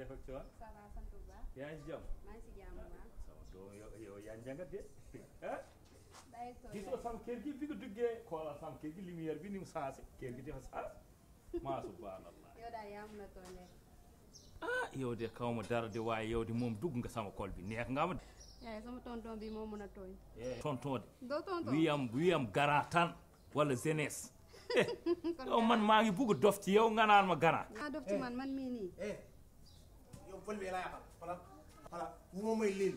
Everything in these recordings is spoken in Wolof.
def ak coono. sama doom gi bi nga duggee. xoolal sama kër gi lumière bi ni mu saasi. kër gi dafa saasi. maa subhanallah. yow daal yaa mun a tooñee. ah yow de kaw ma dara de waaye yow de moom dugg nga sama kool bi neex nga ma. yaay sama tonton bi moo mën a tooñ. tonton de. doo tonton wii am wii yow man maa ngi bugg dof ci yow nga ma garaa. maa dof ci man man mii nii. pël bi laa yàqal voilà voilà bu ma may liil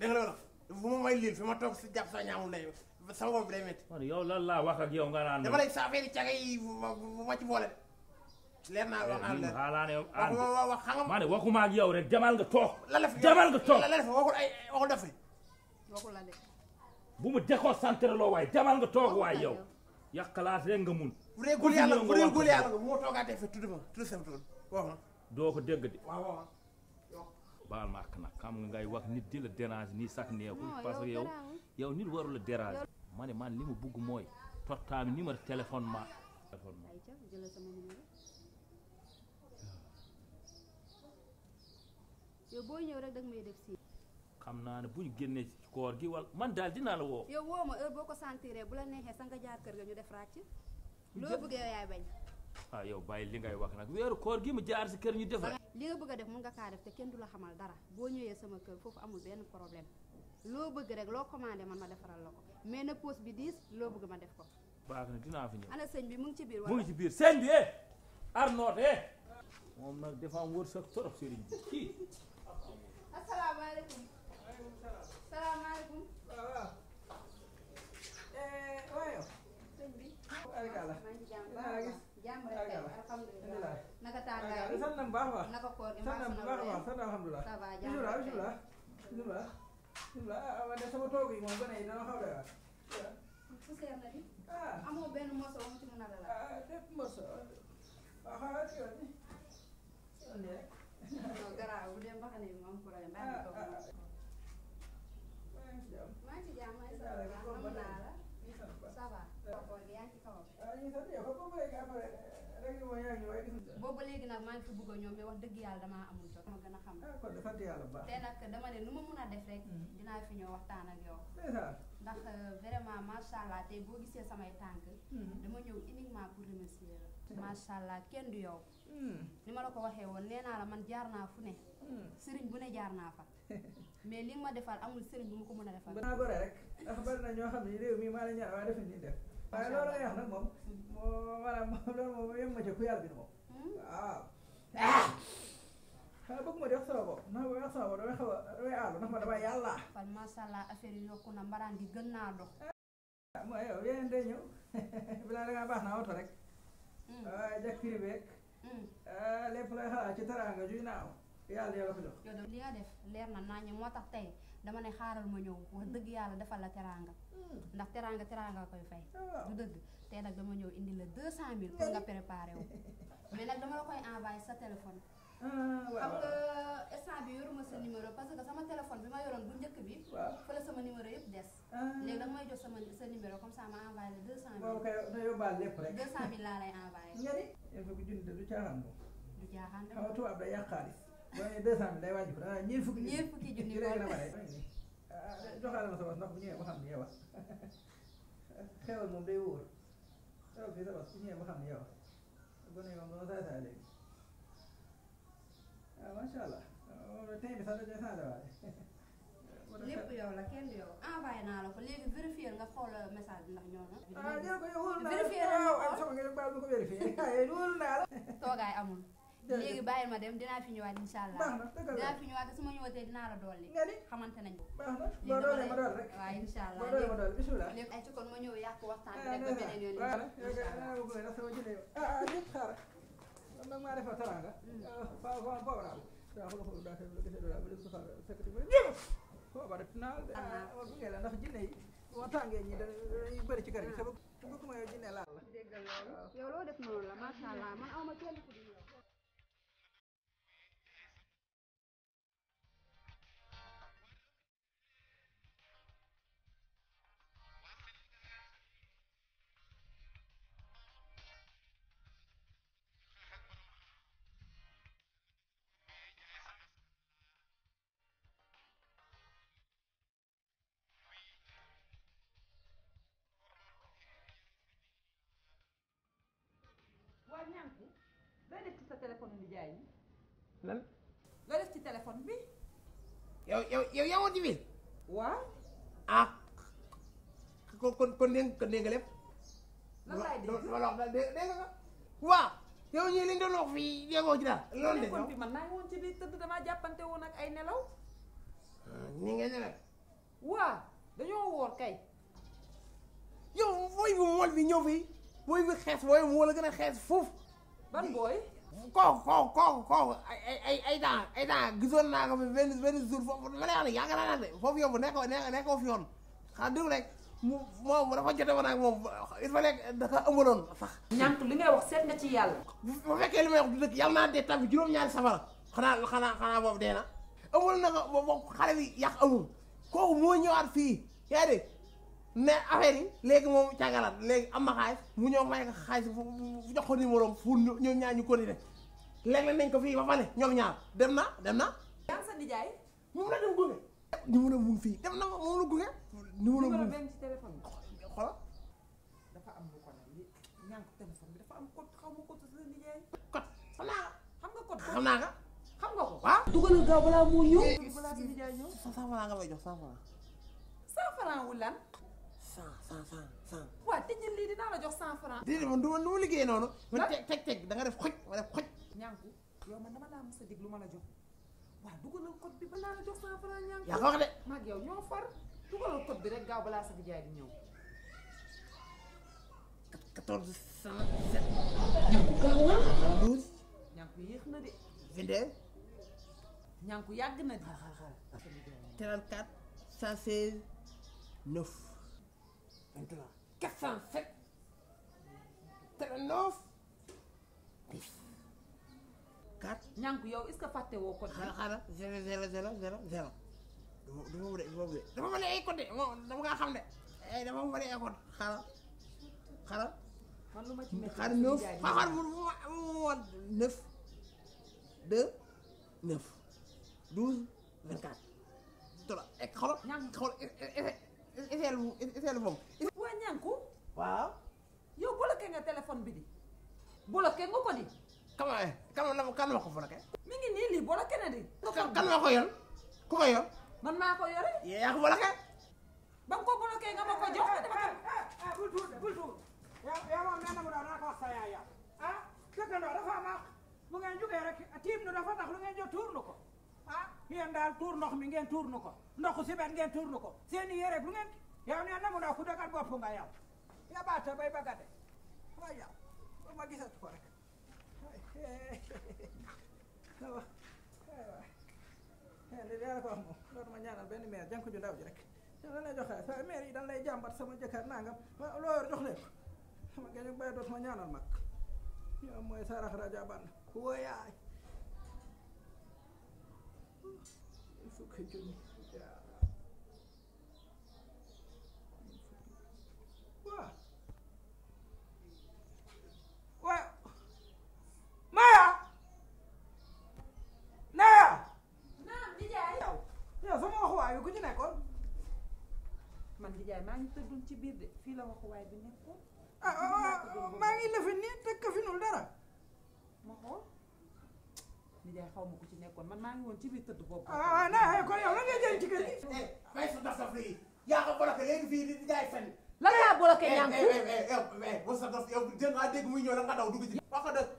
dégg nga loolu bu ma may liil fi ma toog si jàpp sa ñaamu lay sama bopp bi day métti yow lan laa wax ak yow nga naan dama lay sa affaire yi caga yi bu ma ci boole leer naa wax naa eh, leer xalaat yow wax xam nga ma ne waxuma ak yow rek demal nga toog demal nga toog la la def waxul ay waxul dafa waxul la de bu mu déconcentré loo waaye demal nga toog waaye yow yàqalaat rek nga mun bu dee góor yàlla bu dee góor yàlla nga moo toogaatee fi tudd ma tudd sama tudd waaw doo ko dégg de waaw waaw baal ma ak nag xam nga ngay wax nit di la dérange nii sax neexul parce que yow yow nit warul la dérange ma ne man li ma bugg mooy tottaami numéro téléphone ma téléphone ma boo ñëw rek da may def si xam naa ne bu ñu génnee ci koor gi wala man daal dinaa la woo yow woo ma heure boo ko sentiree bu la neexee sa nga kër ga ñu def ràcc loo bëggee yaay bañ ah yow bàyyi li ngay wax nag weeru koor gi ma jaar si kër ñu def li nga bëgg a def mun nga kaa def te kenn du la xamal dara boo ñëwee sama kër foofu amul benn problème loo bëgg rek loo commandé man ma defaral la ko mais na pause bi diis loo bëgg ma def ko. baax na dinaa fi ñëw. ana sëñ bi mu ngi ci biir wala mu ngi biir sëñ bi eh. Arnaud eh. moom nag dafa am wërsëg torop sëriñ bi kii. asalaamaaleykum. maaleykum salaam. salaamaaleykum. Eh, waaw waaw. waaye. sëñ bi. sant na bu baax a baax. naka koor gi sant na bu baax a baax sant na alhamdulilah. ça va jàmm ak bisimilah bisimilah bisimilah man de sama toog yi moom gone yi dana xaw a waat. fu seer na di. ah amoo benn moso mu ci mën a dalal. ah lépp moso waaw xaaral ci yoon bi yoon bi rek. non garaaw bu dee mbaxa ne moom problème bàyyi ko. maa ngi ci jàmm maa ngi ci jàmm maa ngi ci jàmm. xam naa la ça va. koor gi yaa ngi ci boobu léegi nag maa ngi fi bëgg a ñoom mais wax dëgg yàlla damaa amul jot ma gën a xam ah, dafa yàlla baax te nag ne nu ma mun a def rek hmm. dinaa fi ñëw waxtaan ak yow ndax euh, vraiment macha allah tey boo gisee samay tànk hmm. dama ñëw uniquement pour remercier la macha allah kenn di yow hmm. ni ma la ko waxee woon nee naa la man jaar naa fu ne sëriñ bu ne jaar naa fa mais li ma defal amul sëriñ bu ma ko mën a defal. ba a gore rek ndax bari na ñoo xam ne réew mi maa la ñaar waa defe nii def waaye loolu ngay wax nag moom moom maanaam loolu moom yem ma ci ku bi moom waaw xanaa bëgg ma di wax sama bopp ndax ma wax sama bopp damay xaw a damay aalu ndax ma affaire yi yokku na mbaraan gi gën naa dox mooy yow yeneen day ñëw bilaa da ngaa baax naa oto rek jag prix beeg lépp lay xalaat ci teraanga juy naaw yàlla yàlla ko jox. li nga def leer na naa ñi moo tax tey dama ne xaaral ma ñëw wax dëgg yàlla defal la teraanga. Hmm. ndax teraanga teraanga koy fay. Ah, du dëgg tey nag dama ñëw indi la deux cent mille pour nga préparé mais nag dama la koy envoyé sa téléphone. Ah, waaw xam nga euh, instant bi yoruma sa numéro parce que sama téléphone bi ma yoroon bu njëkk bi. waaw fële sama numéro yëpp des. Ah. léegi da may jox sama sa numéro comme saa ma envoyé la deux cent mille. laa lay envoyé. ñeneen. il faut que junj du caaxaan moom. du caaxaan de. xam nga tubaab day yàq xaalis. waaye deux cent mille day wàññi ko daanaka ñeent fukki. ñeent fukki junni la joxaale ma sa bopp ndax bu ñëwee ba xam ne yow xewal moom day wóor xewal fii sa bopp bu ñëwee ba xam ne yow gone yi moom dama saa saa léegi waaw macha allah moom tey bi sax da cee changé waale. lépp yow la kenn yow envoyé naa la ko léegi vérifié nga xool message ndax ñoo na. ah jërëjëf yow wóor naa la vérifié naa la ko baal ma ko vérifié. wóor naa la. toogaay amul. léegi bàyyi ma dem dinaa fi ñëwaat incha allah dinaa fi ñëwaat su ma ñëwatee dinaa la dolli. nga ni xamante nañ ko. baax na boo doolee ma dool rek. waaw incha allah boo doolee ma dool bisimilah. léegi ay ci kon ma ñëw yàq waxtaan bi rek ba beneen yoon. incha allah waaw waaw waaw waaw looy def ci sa ci téléphone bi yow yow yow yaa woon ci biir waaw ah kon kon kon dégg kon dégg de biir tëdd damaa jàppante woon ak ay nelaw ah, ni nga nelaw waaw dañoo woor kay yow booy bu mool bi ñëw fii booy bi xees booy mu la gën a xees foofu ban booy. kooku kooku kooku kooku ay ay ay daa ay temps gisoon naa ko benn benn jour foofu ma lay wax ne yaakaar naa ne foofu yow nekkoo nekkoo yoon xam dégg rek mu moom woon ak moom il faut que sax. ñànk li ngay seet nga ci yàlla. bu fekkee li may wax du dëgg yàlla naa juróom-ñaari safara xanaa xanaa xanaa boobu dee na ëmbal na ko xale bi yàq amul kooku moo ñëwaat fii yaa dégg mais affaire yi léegi moom càngalaat léegi am na xaalis mu ñëw may ko xaalis jox ko numéro fu ñoom ñaar ñu continuer léeg-léeg nañ ko fii ba fale ñoom ñaar dem na dem na. yaa sa nijaay. moom la dem gunge. numéro mu ngi fii dem na moom la gunge. numéro mu ngi ci téléphone bi. dafa am lu ko nag am code xaw ma code sa nijaay. xam naa xam nga ko waaw. dugalal gaaw balaa moo ñëw. sa nijaay ñëw. cent francs nga may jox cent wu lan. cent cent cent cent. waaw te jël lii dinaa la jox cent franc. déedéet man du ma nu ma liggéey noonu. man teg teg teg da nga def xoj ma la jox waaw dugalal code bi balaa la jox cent franc ñànku. yaa ko wax de. maag yow ñoo far dugalal code bi rek gaaw balaa sa jaay di ñëw. quatorze cent sept. douze. ñànku yéex na de. vingt yàgg na de. xaaral cent seize neuf. maintenant 407 39 10. 4. ñànku yow est-ce que fàtte woo code. xaaral xaaral 0 0 0 0 0. du ma du ma wute dafa mën a ay de xam ne eh, dafa mën a ay code xaaral xaaral. man lu ma ci métti xaaral 9 mu mu 9 2 9 12 24. te la xoolal ñànku xool. Eh, eh, ifeelu ifeelu moom. waa ñànku. waaw. bi di. bloqué nga ko di. kama kama na kan ma ko bloqué. mi ngi nii lii bloqué na di. kan ma ko yor ku ko yor. man maa ko yore. yaa ko bloqué. ba ko bloqué nga ma ko jox ko dama ko. bul tuut bul tuut. mu doon naa ko wax sa yaay yow. ah nu ngeen jot tuur yéen daal tuur ndox mi ngeen tuur nu ko ndox si bet ngeen tuur nu ko seen i yére lu ngeen yow nee na mu ndaw ku dagat bopp nga yow yabaata bay bagate waaye yow ba ma gisatu ko rek waaw waaw li dara ko wax moom loolu ma ñaanal benn maire jànku ju ndaw ji rek yow lan yi dañ lay jàmbat sama jëkkër nangam ma loo yor jox leen ko sama gàncax gi bay ma ñaanal mag yow mooy sarax rajo Abane wóoyaay. Il faut Maya Naya naam Ndiaye yow yow sama waxuwaay bi ku ci nekkoon man Ndiaye maa ngi tëddul ci biir de fii la waxuwaay bi nekkoon ah, ah, ah maa ngi lëfi nii dara ni day xaw ma ko ci nekkoon man maa ngi woon ci biir tëdd boobu. ah ah kon yow lan ngay jëriñ ci kër gi. Eh, eh, fay sa dof dof yi yaa ko bloqué léegi fii di jaay fenn. lan laa bloqué eh, ñànku. yow sa dof yow dégg nga dégg muy ñëw la nga daw dugg ci. wax ko dëgg.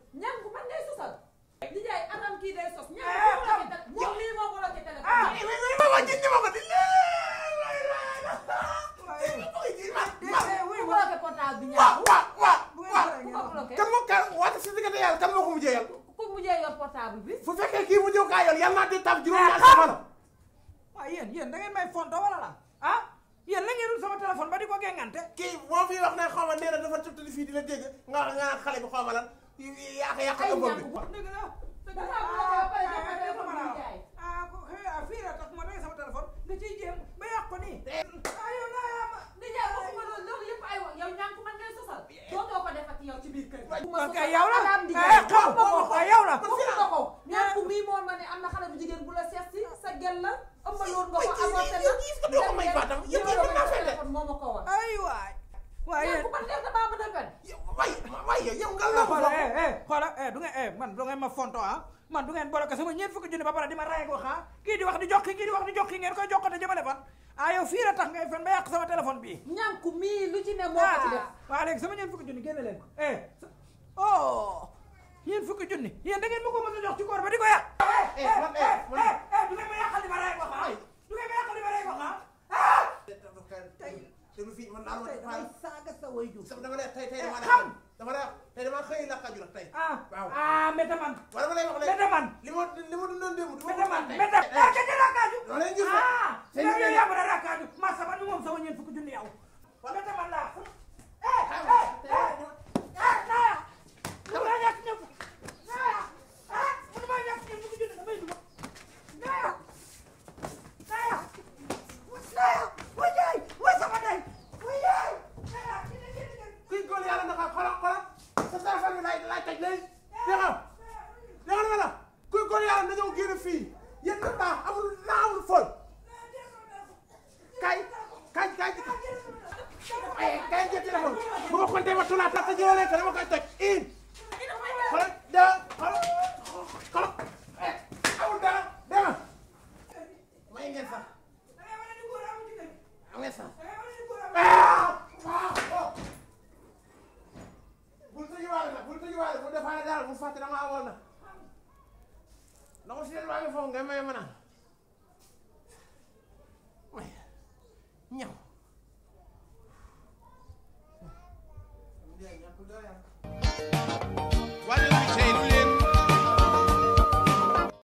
fengante kii boo fi wax ne xaw ma nee na dafa tëttali fii di la dégg nga wax nga xale bi xaw ma lan yàq yàq ëmbam bi dëgg la ah, eh, ah fii la tax ma rey sama téléphone nga ciy jéem ba yàq ko nii eh. yow la nijaay waxuma loolu loolu yëpp ay wax yow ñànk man ngay sosal eh. dootoo ko def ak yow ci biir kër gi yow la xaw ma ko yow la waxuma ko ñànk mii moom ma ne am na xale bu jigéen bu la seet si gel la ëmbaloon nga ko avorté na oh yow may fàttam yow mën naa fële moo ma ko wax ay waay waaye bu ma def na baba da ben waay waay yow nga la ko xoola eh du nga eh man du ngeen ma fonto ah man du ngeen boloka sama ñeent fukki junni ba pare di ma rayee ko xaa ah. kii di wax di jox kii di wax di jox kii ngeen koy jokkate jëmale fan ah yow fii la tax ngay fen ba yàq sama téléphone bii ñànku mii lu ci ne moo ko ci ah, def waaw léegi sama ñeent fukki junni génne leen ko eh oh yéen fukki junni yéen da ngeen ma ko mën a jox ci koor ba di ko yàq. Eh eh, eh, eh eh du ngeen ma yàqal li ma rey wax ah du ngeen ma yàqal li ma rey wax ah. tey tey tey saaga sa waajur. dama lay la kaju la tey. ah ah métta man. wala ma lay wax léegi métta man. li ma li ma dundoon démb. métta man métta ah, ah, man. ah kaju. loolu la ñu gis ah. tey ñu ngi lay yàq fukki junni yow nga may ma naan